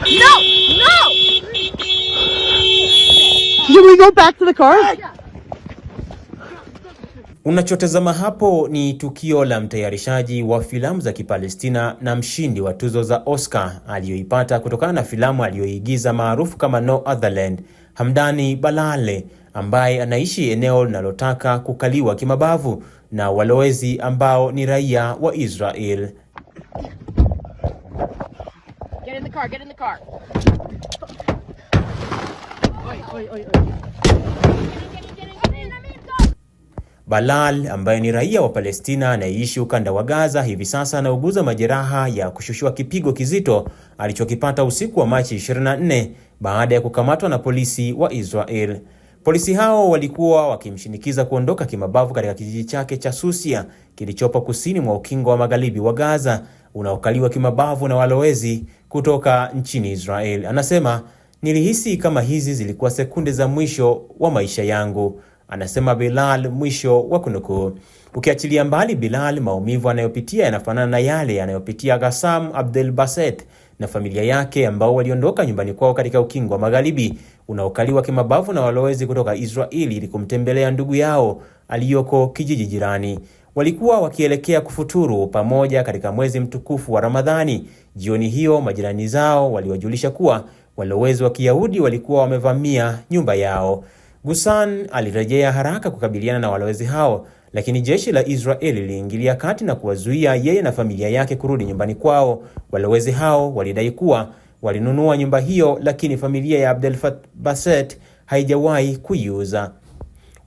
No! No! Do we go back to the car? Unachotazama hapo ni tukio la mtayarishaji wa filamu za Kipalestina na mshindi wa tuzo za Oscar aliyoipata kutokana na filamu aliyoigiza maarufu kama No Other Land, Hamdani Balale ambaye anaishi eneo linalotaka kukaliwa kimabavu na walowezi ambao ni raia wa Israel. Get in the car. Get in the car. Balal ambaye ni raia wa Palestina anayeishi ukanda wa Gaza hivi sasa anauguza majeraha ya kushushwa kipigo kizito alichokipata usiku wa Machi 24 baada ya kukamatwa na polisi wa Israel. Polisi hao walikuwa wakimshinikiza kuondoka kimabavu katika kijiji chake cha Susia kilichopo kusini mwa ukingo wa magharibi wa Gaza unaokaliwa kimabavu na walowezi kutoka nchini Israel. Anasema nilihisi kama hizi zilikuwa sekunde za mwisho wa maisha yangu, anasema Bilal, mwisho wa kunukuu. Ukiachilia mbali Bilal, maumivu anayopitia yanafanana na yale yanayopitia Ghassam Abdel Baset na familia yake ambao waliondoka nyumbani kwao katika ukingo wa magharibi unaokaliwa kimabavu na walowezi kutoka Israeli ili kumtembelea ndugu yao aliyoko kijiji jirani walikuwa wakielekea kufuturu pamoja katika mwezi mtukufu wa Ramadhani. Jioni hiyo majirani zao waliwajulisha kuwa walowezi wa Kiyahudi walikuwa wamevamia nyumba yao. Gusan alirejea haraka kukabiliana na walowezi hao, lakini jeshi la Israeli liliingilia kati na kuwazuia yeye na familia yake kurudi nyumbani kwao. Walowezi hao walidai kuwa walinunua nyumba hiyo, lakini familia ya Abdel Fattah Basset haijawahi kuiuza.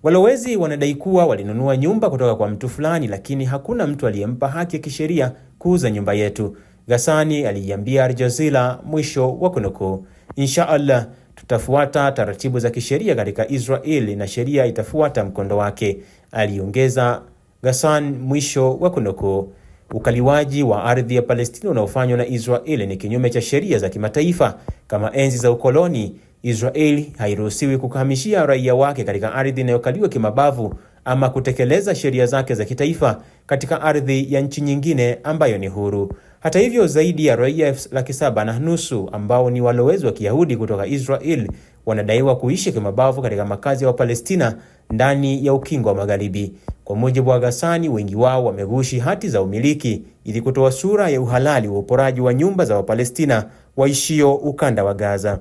Walowezi wanadai kuwa walinunua nyumba kutoka kwa mtu fulani, lakini hakuna mtu aliyempa haki ya kisheria kuuza nyumba yetu, Ghassani aliiambia Aljazira, mwisho wa kunukuu. Insha Allah tutafuata taratibu za kisheria katika israel na sheria itafuata mkondo wake, aliongeza Ghassan, mwisho wa kunukuu. Ukaliwaji wa ardhi ya Palestina unaofanywa na israel ni kinyume cha sheria za kimataifa kama enzi za ukoloni Israeli hairuhusiwi kukahamishia raia wake katika ardhi inayokaliwa kimabavu ama kutekeleza sheria zake za kitaifa katika ardhi ya nchi nyingine ambayo ni huru. Hata hivyo, zaidi ya raia laki saba na nusu ambao ni walowezi wa Kiyahudi kutoka Israel wanadaiwa kuishi kimabavu katika makazi ya wa Wapalestina ndani ya Ukingo wa Magharibi. Kwa mujibu wa Ghassani, wengi wao wamegushi hati za umiliki ili kutoa sura ya uhalali wa uporaji wa nyumba za Wapalestina waishio ukanda wa Gaza.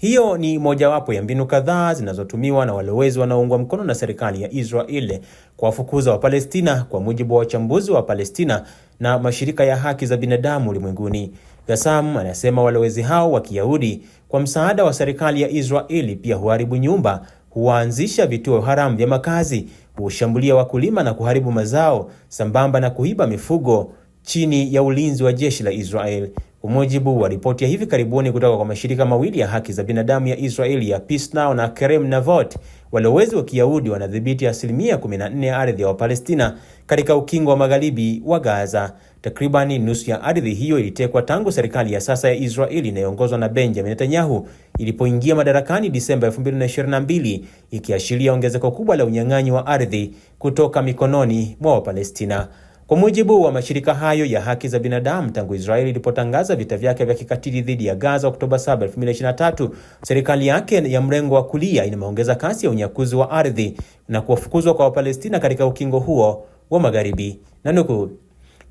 Hiyo ni mojawapo ya mbinu kadhaa zinazotumiwa na walowezi wanaoungwa mkono na serikali ya Israel kuwafukuza Wapalestina, kwa mujibu wa wachambuzi wa Palestina na mashirika ya haki za binadamu ulimwenguni. Gassam anasema walowezi hao wa Kiyahudi kwa msaada wa serikali ya Israeli pia huharibu nyumba, huwaanzisha vituo haramu vya makazi, hushambulia wakulima na kuharibu mazao, sambamba na kuiba mifugo chini ya ulinzi wa jeshi la Israel. Kwa mujibu wa ripoti ya hivi karibuni kutoka kwa mashirika mawili ya haki za binadamu ya Israeli ya Peace Now na Kerem Navot, walowezi wa Kiyahudi wanadhibiti asilimia 14 ya ardhi ya Wapalestina katika ukingo wa magharibi wa Gaza. Takribani nusu ya ardhi hiyo ilitekwa tangu serikali ya sasa ya Israeli inayoongozwa na Benjamin Netanyahu ilipoingia madarakani Disemba 2022, ikiashiria ongezeko kubwa la unyang'anyi wa ardhi kutoka mikononi mwa Wapalestina. Kwa mujibu wa mashirika hayo ya haki za binadamu, tangu Israeli ilipotangaza vita vyake vya kikatili dhidi ya Gaza Oktoba 7, 2023, serikali yake ya mrengo wa kulia inameongeza kasi ya unyakuzi wa ardhi na kuwafukuzwa kwa Wapalestina katika ukingo huo wa Magharibi. Nanukuu,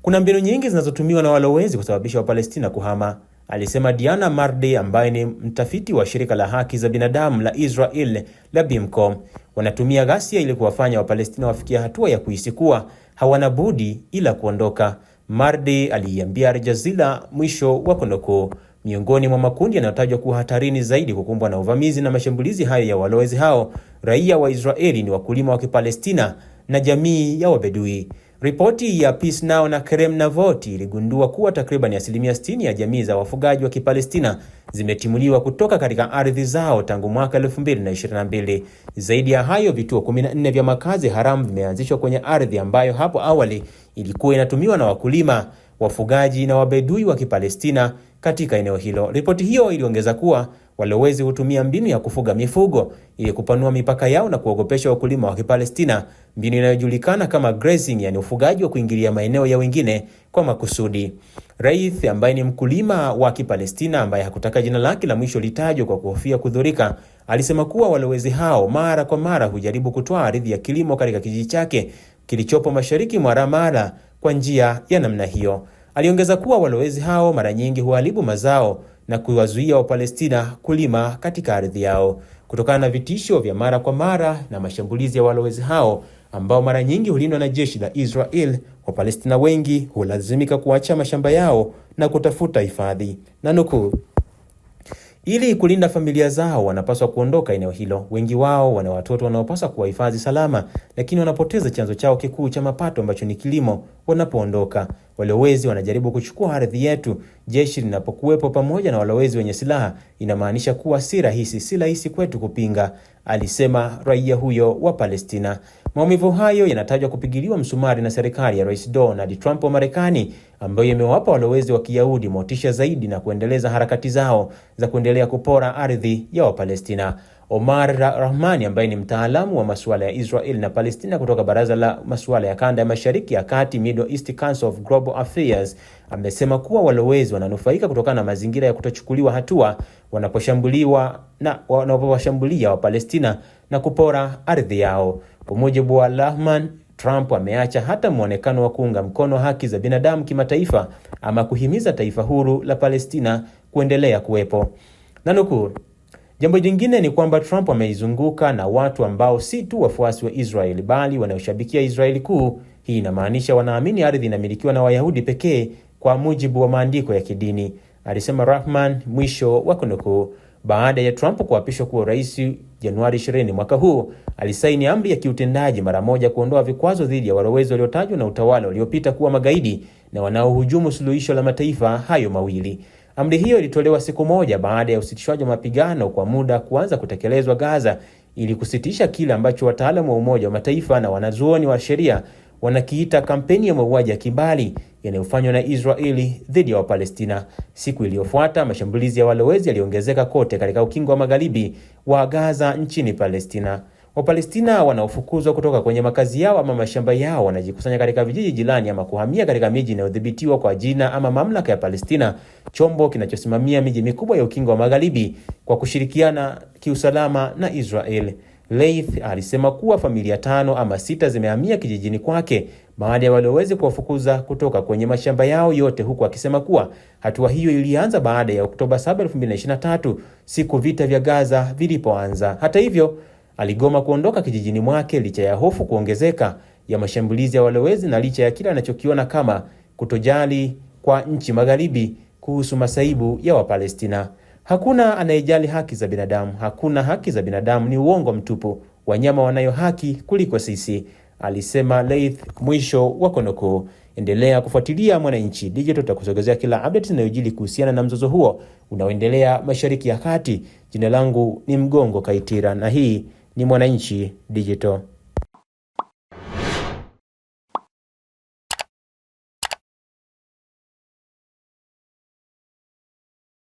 kuna mbinu nyingi zinazotumiwa na walowezi kusababisha Wapalestina kuhama alisema Diana Mardi ambaye ni mtafiti wa shirika la haki za binadamu la Israel la BIMCOM. Wanatumia ghasia ili kuwafanya Wapalestina wafikia hatua ya kuhisi kuwa hawana budi ila kuondoka. Mardi aliiambia Al Jazeera mwisho wa kunukuu. Miongoni mwa makundi yanayotajwa kuwa hatarini zaidi kukumbwa na uvamizi na mashambulizi hayo ya walowezi hao, raia wa Israeli ni wakulima wa Kipalestina na jamii ya Wabedui. Ripoti ya Peace Now na navoti iligundua kuwa takriban asilimia 60 ya jamii za wafugaji wa Kipalestina zimetimuliwa kutoka katika ardhi zao tangu mwaka 2022. Zaidi ya hayo, vituo 14 vya makazi haramu vimeanzishwa kwenye ardhi ambayo hapo awali ilikuwa inatumiwa na wakulima, wafugaji na wabedui wa Kipalestina katika eneo hilo. Ripoti hiyo iliongeza kuwa walowezi hutumia mbinu ya kufuga mifugo ili kupanua mipaka yao na kuogopesha wakulima wa Kipalestina, mbinu inayojulikana kama grazing, yani ufugaji wa kuingilia maeneo ya wengine kwa makusudi. Raith ambaye ni mkulima wa Kipalestina ambaye hakutaka jina lake la mwisho litajwe kwa kuhofia kudhurika, alisema kuwa walowezi hao mara kwa mara hujaribu kutoa ardhi ya kilimo katika kijiji chake kilichopo mashariki mwa Ramala kwa njia ya namna hiyo. Aliongeza kuwa walowezi hao mara nyingi huharibu mazao na kuwazuia Wapalestina kulima katika ardhi yao kutokana na vitisho vya mara kwa mara na mashambulizi ya walowezi hao ambao mara nyingi hulindwa na jeshi la Israel. Wapalestina wengi hulazimika kuacha mashamba yao na kutafuta hifadhi na nukuu ili kulinda familia zao, wanapaswa kuondoka eneo hilo. Wengi wao wana watoto wanaopaswa kuwahifadhi salama, lakini wanapoteza chanzo chao kikuu cha mapato ambacho ni kilimo wanapoondoka. Walowezi wanajaribu kuchukua ardhi yetu. Jeshi linapokuwepo pamoja na walowezi wenye silaha, inamaanisha kuwa si rahisi, si rahisi kwetu kupinga, alisema raia huyo wa Palestina. Maumivu hayo yanatajwa kupigiliwa msumari na serikali ya Rais Donald Trump wa Marekani ambayo imewapa walowezi wa Kiyahudi motisha zaidi na kuendeleza harakati zao za kuendelea kupora ardhi ya Wapalestina. Omar Rahmani ambaye ni mtaalamu wa masuala ya Israel na Palestina kutoka Baraza la Masuala ya Kanda ya Mashariki ya Kati, Middle East Council of Global Affairs, amesema kuwa walowezi wananufaika kutokana na mazingira ya kutochukuliwa hatua wanaposhambuliwa na wanaposhambulia Wapalestina na kupora ardhi yao. Kwa mujibu wa Rahman Trump ameacha hata mwonekano wa kuunga mkono haki za binadamu kimataifa ama kuhimiza taifa huru la Palestina kuendelea kuwepo. Nanukuu, jambo jingine ni kwamba Trump ameizunguka na watu ambao si tu wafuasi wa Israeli bali wanaoshabikia Israeli kuu. Hii inamaanisha wanaamini ardhi inamilikiwa na Wayahudi pekee kwa mujibu wa maandiko ya kidini, alisema Rahman, mwisho wa kunukuu baada ya Trump kuapishwa kuwa rais Januari 20 mwaka huu, alisaini amri ya kiutendaji mara moja kuondoa vikwazo dhidi ya walowezi waliotajwa na utawala uliopita kuwa magaidi na wanaohujumu suluhisho la mataifa hayo mawili. Amri hiyo ilitolewa siku moja baada ya usitishwaji wa mapigano kwa muda kuanza kutekelezwa Gaza ili kusitisha kile ambacho wataalamu wa Umoja wa Mataifa na wanazuoni wa sheria wanakiita kampeni ya mauaji ya kimbali yanayofanywa na Israeli dhidi ya Wapalestina. Siku iliyofuata, mashambulizi ya walowezi yaliongezeka kote katika ukingo wa magharibi wa Gaza nchini Palestina. Wapalestina wanaofukuzwa kutoka kwenye makazi yao ama mashamba yao wanajikusanya katika vijiji jirani ama kuhamia katika miji inayodhibitiwa kwa jina ama mamlaka ya Palestina, chombo kinachosimamia miji mikubwa ya ukingo wa magharibi kwa kushirikiana kiusalama na Israel. Leith alisema kuwa familia tano ama sita zimehamia kijijini kwake baada ya walioweza kuwafukuza kutoka kwenye mashamba yao yote, huku akisema kuwa hatua hiyo ilianza baada ya Oktoba 7, 2023 siku vita vya Gaza vilipoanza. Hata hivyo, aligoma kuondoka kijijini mwake licha ya hofu kuongezeka ya mashambulizi ya walowezi na licha ya kile anachokiona kama kutojali kwa nchi magharibi kuhusu masaibu ya Wapalestina. Hakuna anayejali haki za binadamu, hakuna haki za binadamu, ni uongo mtupu. Wanyama wanayo haki kuliko sisi alisema Leith. Mwisho wa konoko. Endelea kufuatilia Mwananchi Digital, tutakusogezea kila update inayojili kuhusiana na mzozo huo unaoendelea Mashariki ya Kati. Jina langu ni Mgongo Kaitira na hii ni Mwananchi Digital.